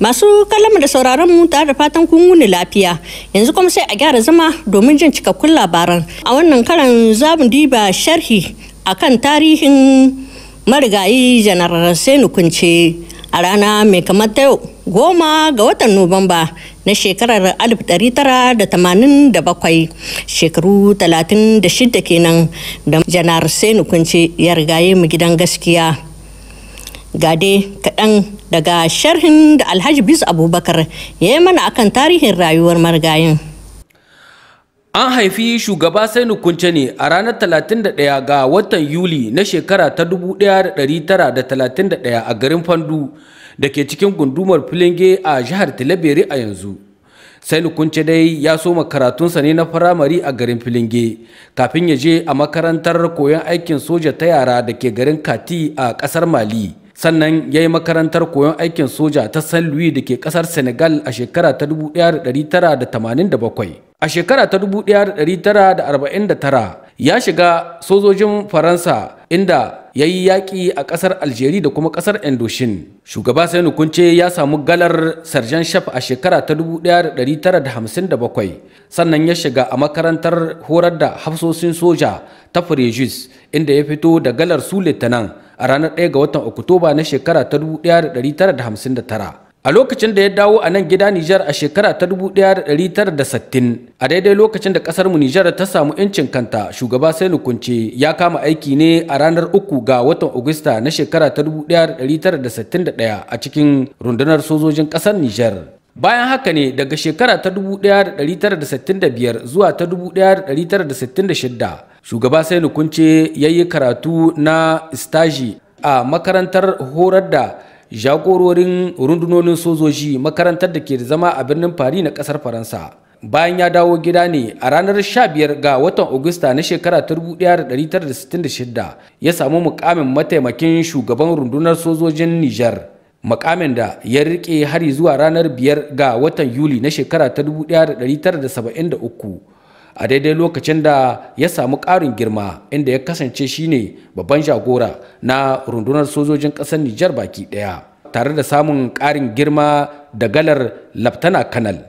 Masu kallon da sauraron mu tare da fatan kun wuni lafiya. Yanzu kuma sai a gyara zama domin jin cikakkun labaran. A wannan karan zamu diba sharhi akan tarihin marigayi janar Sani Kunce a rana mai kamar ta yau goma ga watan Nuwamba na shekarar 1987 shekaru 36 kenan da janar Sani Kunce ya rigaye mu gidan gaskiya. Gade kaɗan daga sharhin da alhaji bisu abubakar ya yi mana akan tarihin rayuwar margayin an haifi shugaba sai nukunce ne a ranar 31 ga watan yuli na shekara ta 1931 a garin fandu da ke cikin gundumar filinge a jihar talabere a yanzu sai nukunce dai ya soma karatunsa ne na firamare a garin filinge kafin ya je a makarantar koyon aikin soja ta yara da ke garin kati a kasar mali sannan ya yi makarantar koyon aikin soja ta san louis da ke kasar senegal a shekara ta 1987 a shekara ta 1949 ya shiga sojojin faransa inda ya yi yaƙi a ƙasar Aljeri da kuma ƙasar Endoshin. Shugaba Sainu Kunce ya samu galar Sarjan Shaf a shekara ta 1957 sannan ya shiga a makarantar horar da hafsoshin soja ta Frejus inda ya fito da galar su a ranar 1 ga watan Oktoba na shekara ta 1959. a lokacin da ya dawo a nan gida Nijar a shekara ta 1960 a daidai lokacin da kasar mu Nijar ta samu yancin kanta shugaba Sani Kunce ya kama aiki ne a ranar 3 ga watan Agusta na shekara ta 1961 a cikin rundunar sojojin ƙasar Nijar bayan haka ne daga shekara ta 1965 zuwa ta 1966 shugaba Sani Kunce ya yi karatu na staji a makarantar horar da jagororin rundunonin sojoji makarantar da ke zama a birnin Paris na kasar Faransa. Bayan ya dawo gida ne a ranar 15 ga watan Agusta na shekara 1966 ya samu mukamin mataimakin shugaban rundunar sojojin Niger Makamin da ya rike har zuwa ranar 5 ga watan Yuli na shekara 1973. a daidai lokacin da ya samu ƙarin girma inda ya kasance shine babban jagora na rundunar sojojin ƙasar Nijar baki ɗaya tare da samun ƙarin girma da galar Laftana Kanal.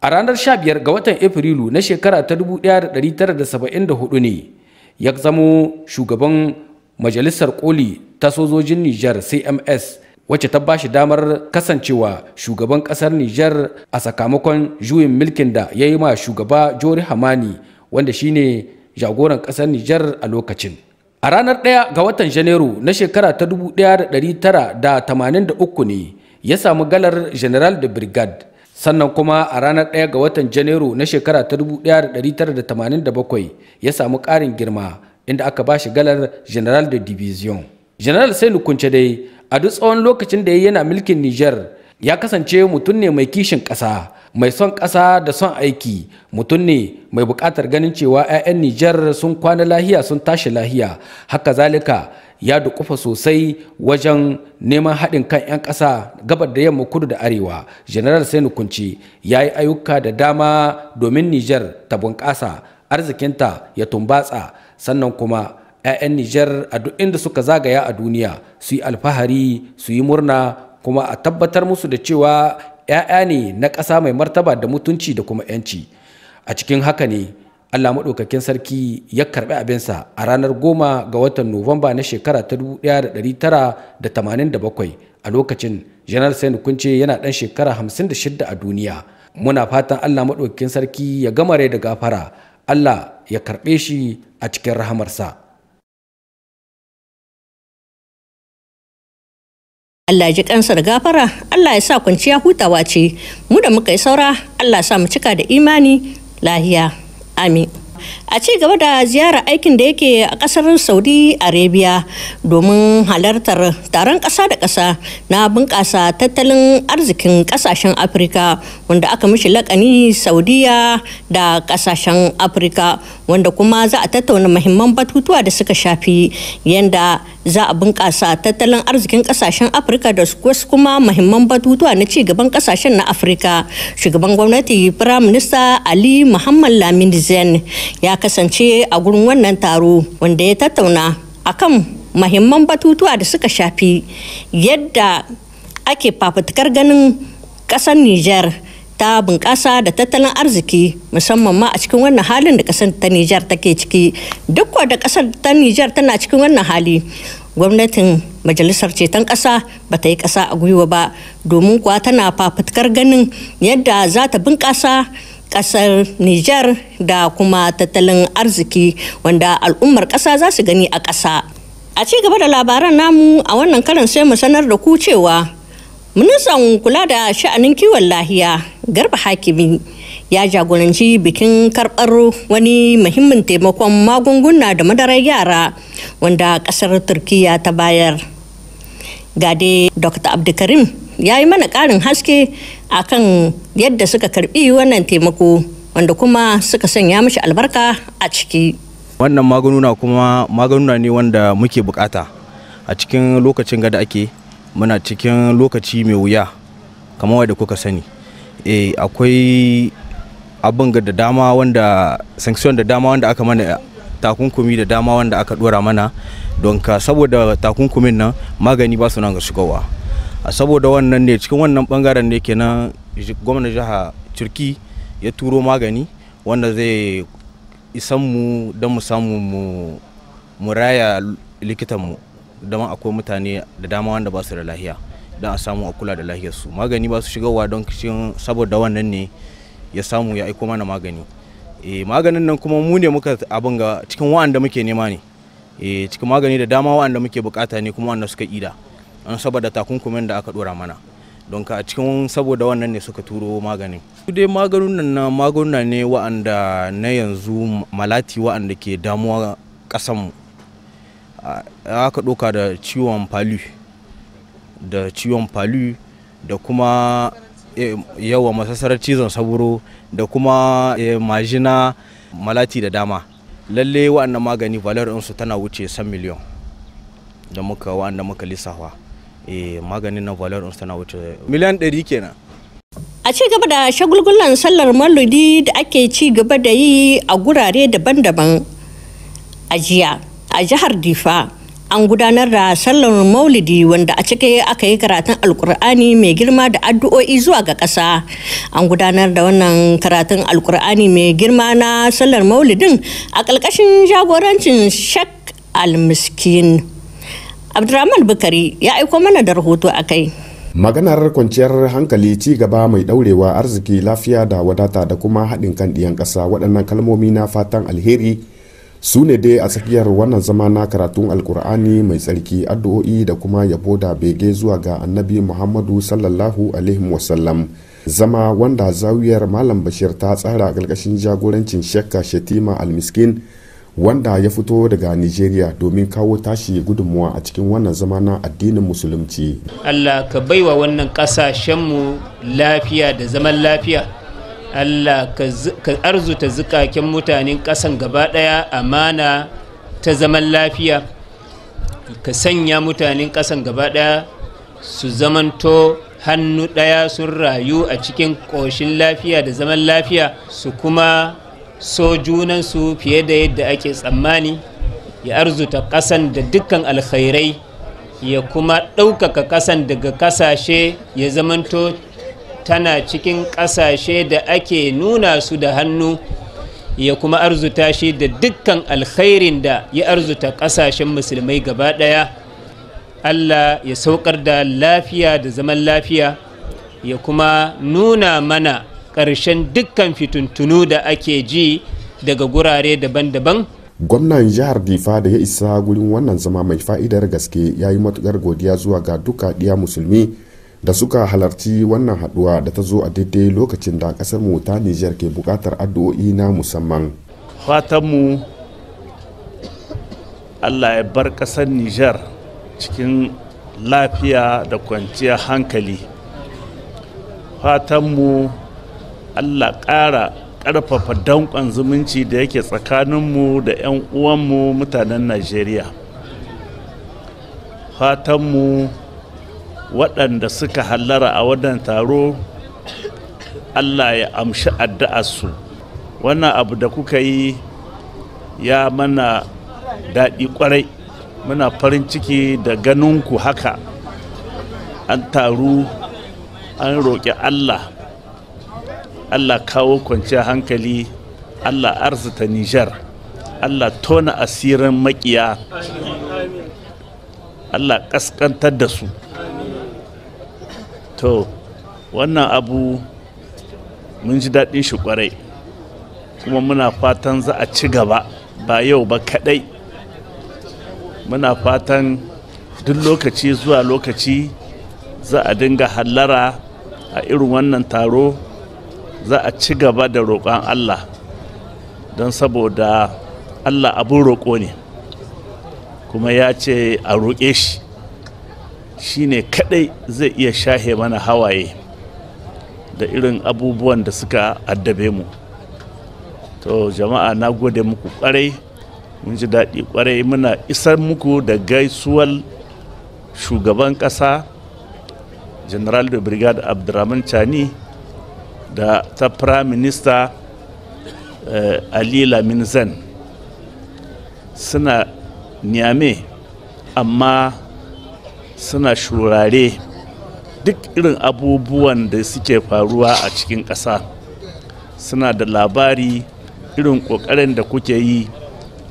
A ranar 15 ga watan Afrilu na shekara ta 1974 ne ya zamo shugaban Majalisar Koli ta sojojin Nijar CMS wacce ta ba shi damar kasancewa shugaban kasar Nijar a sakamakon juyin mulkin da ya yi ma shugaba Jori Hamani wanda shine jagoran kasar Nijar a lokacin. A ranar ɗaya ga watan Janairu na shekara ta 1983 ne ya samu galar General de Brigade sannan kuma a ranar ɗaya ga watan Janairu na shekara ta 1987 ya samu ƙarin girma inda aka ba shi galar General de Division. General sainu Kunce dai a duk tsawon lokacin da ya yana mulkin Nijar ya kasance mutum ne mai kishin ƙasa mai son ƙasa da son aiki mutum ne mai buƙatar ganin cewa 'ya'yan Nijar sun kwana lahiya sun tashi lahiya haka zalika ya dukufa sosai wajen neman haɗin kan 'yan ƙasa gabar da yamma kudu da arewa general sai kunci ya yi ayyuka da dama domin Nijar ta bunƙasa arzikinta ya tumbatsa sannan kuma 'ya'yan Nijar a duk inda suka zagaya a duniya su yi alfahari su yi murna kuma a tabbatar musu da cewa 'ya'ya ne na ƙasa mai martaba da mutunci da kuma 'yanci a cikin haka ne Allah maɗaukakin sarki ya karɓi abinsa a ranar goma ga watan Nuwamba na shekara ta da bakwai a lokacin janar Sani Kunce yana ɗan shekara 56 a duniya. Muna fatan Allah maɗaukakin sarki ya gama rai da gafara, Allah ya karɓe shi a cikin rahamarsa. Allah ji kansa da gafara Allah ya sa kwanciya hutawa ce mu da muka yi saura Allah sa mu cika da imani lahiya amin a ci gaba da ziyara aikin da yake a kasar saudi arabia domin halartar taron ƙasa da ƙasa na bunƙasa tattalin arzikin ƙasashen afirka wanda aka mishi lakani saudiya da kasashen afirka wanda kuma za a tattauna mahimman batutuwa da suka shafi yadda za a bunƙasa tattalin arzikin ƙasashen afirka da wasu kuma mahimman batutuwa na ci gaban kasashen na afirka shugaban gwamnati firaminista ali muhammad lamin zen ya kasance a gurin wannan taro wanda ya tattauna a kan mahimman batutuwa da suka shafi yadda ake fafutukar ganin ƙasar Nijar ta bunƙasa da tattalin arziki musamman ma a cikin wannan halin da ƙasar ta Nijar take ciki duk da ƙasar ta Nijar tana cikin wannan hali gwamnatin majalisar ceton ƙasa ba ta yi ƙasa a gwiwa ba domin kuwa tana fafutukar ganin yadda za ta bunƙasa kasar Nijar da kuma tattalin arziki wanda al'ummar ƙasa za su gani a ƙasa. A ci gaba da labaran namu a wannan karin sai mu sanar da ku cewa ministan kula da sha'anin kiwon lahiya garba hakimi ya jagoranci bikin karɓar wani muhimmin taimakon magunguna da madarar yara wanda ƙasar turkiya ta bayar. Gade Dr. Abdulkarim ya yi mana ƙarin haske a kan yadda suka karbi wannan taimako wanda kuma suka sanya mishi albarka a ciki wannan magununa kuma magununa ne wanda muke bukata a cikin lokacin gada ake muna cikin lokaci mai wuya kamar wadda kuka sani e, akwai abin da dama wanda sanction da dama wanda aka mana takunkumi da dama wanda aka dora mana don ka saboda takunkumin nan magani ba su nan ga shigowa a saboda wannan ne cikin wannan bangaren ne kenan gwamnan jiha turki ya turo magani wanda zai isan mu don mu samu mu raya likitanmu don akwai mutane da dama wanda ba su da lahiya don a samu a kula da lahiyarsu magani ba su shigarwa don cikin saboda wannan ne ya samu ya aiko mana magani e, maganin nan kuma mu ne muka abin ga cikin wa'anda muke nema ne e, cikin magani da dama wa'anda muke bukata ne kuma wanda suka ida saboda takunkumin da aka dora mana don ka a cikin saboda wannan ne suka turo maganin su dai maganunan na magunguna ne wa'anda na yanzu malati wa'anda ke damuwa kasanmu aka ɗauka da ciwon palu da ciwon palu da kuma e, yawa masasarar cizon saburo da kuma e, majina malati da dama lalle wa'annan magani valar su tana wuce san miliyon da muka wa'anda muka lissafa Eh, maganin na valor tana wuce miliyan 100 kenan a ci gaba da shagulgulan sallar maludi da ake ci gaba da yi a gurare daban-daban a jiya a jihar difa an gudanar da sallar maulidi wanda a cike aka yi karatun alkur'ani mai girma da addu'o'i zuwa ga ƙasa an gudanar da wannan karatun alkur'ani mai girma na sallar maulidin a ƙarƙashin jagorancin shak miskin abdulrahman Bukari ya aiko mana da rahoto a kai. Maganar kwanciyar hankali ci gaba mai daurewa arziki lafiya da wadata da kuma haɗin kan ɗiyan ƙasa waɗannan kalmomi na fatan alheri su ne dai a tsakiyar wannan zama na karatun alkur'ani mai tsarki addu'o'i da kuma yabo da bege zuwa ga annabi muhammadu sallallahu alaihi wasallam zama wanda zawiyar malam bashir ta tsara a ƙarƙashin jagorancin shekka shetima almiskin wanda ya fito daga nigeria domin kawo tashi gudunmuwa a cikin wannan zama na addinin musulunci allah ka baiwa wannan kasashenmu lafiya da zaman lafiya allah ka arzuta zukakin mutanen kasan gaba daya amana ta zaman lafiya ka sanya mutanen kasan gaba daya su zamanto hannu daya sun rayu a cikin ƙoshin lafiya da zaman lafiya su kuma so junansu fiye da yadda ake tsammani ya arzuta ƙasan da dukkan alkhairai ya kuma ɗaukaka ƙasan daga ƙasashe ya zamanto tana cikin ƙasashe da ake nuna su da hannu ya kuma arzuta shi da dukkan alkhairin da ya arzuta ƙasashen musulmai gaba ɗaya allah ya saukar da lafiya da zaman lafiya ya kuma nuna mana ƙarshen dukkan fitintunu da ake ji daga gurare daban-daban gwamnan jihar difa da ya isa gurin wannan zama mai fa'idar gaske ya yi matukar godiya zuwa ga duka ɗiya musulmi da suka halarci wannan haɗuwa da ta zo a daidai lokacin da ƙasar mu ta nijar ke buƙatar addu'o'i na musamman fatanmu allah ya bar ƙasar nijar cikin lafiya da kwanciyar hankali fatanmu allah ƙara ƙarfafa danƙon zumunci da yake tsakaninmu da 'yan uwanmu mutanen najeriya fatanmu waɗanda suka hallara a wannan taro allah ya amshi addu'arsu wannan abu da kuka yi ya mana daɗi ƙwarai muna farin ciki da ganinku haka an taru an roƙi allah allah kawo kwanciyar hankali allah arzuta nijar allah tona asirin makiya allah kaskantar da su to wannan abu mun ji daɗin shi kwarai kuma muna fatan za a ci gaba ba yau ba kaɗai muna fatan duk lokaci zuwa lokaci za a dinga hallara a irin wannan taro za a ci gaba da roƙon allah don saboda allah abin roƙo ne kuma ya ce a roƙe shi shi ne kaɗai zai iya shahe mana hawaye da irin abubuwan da suka addabe mu to jama'a na gode muku kwarai mun ji daɗi kwarai muna isar muku da gaisuwal shugaban ƙasa general da brigade abdulrahman chani da ta prime minister uh, ali lamin suna niyame amma suna shurare duk irin abubuwan da suke faruwa a cikin ƙasa suna da labari irin ƙoƙarin da kuke yi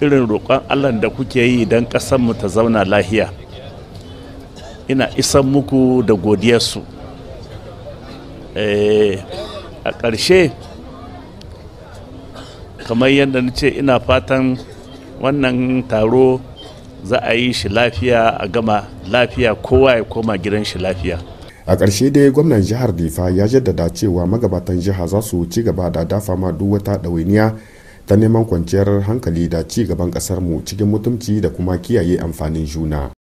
irin roƙon allah da kuke yi don kasanmu ta zauna lahiya ina isan muku da godiyarsu eh, a ƙarshe kamar yadda na ce ina fatan wannan taro za a yi shi lafiya a gama lafiya kowa ya koma gidan shi lafiya a ƙarshe dai gwamnan jihar difa ya jaddada cewa magabatan jiha za su ci gaba da dafa ma duk wata ɗawainiya ta neman kwanciyar hankali da ci gaban ƙasar mu cikin mutumci da kuma kiyaye amfanin juna.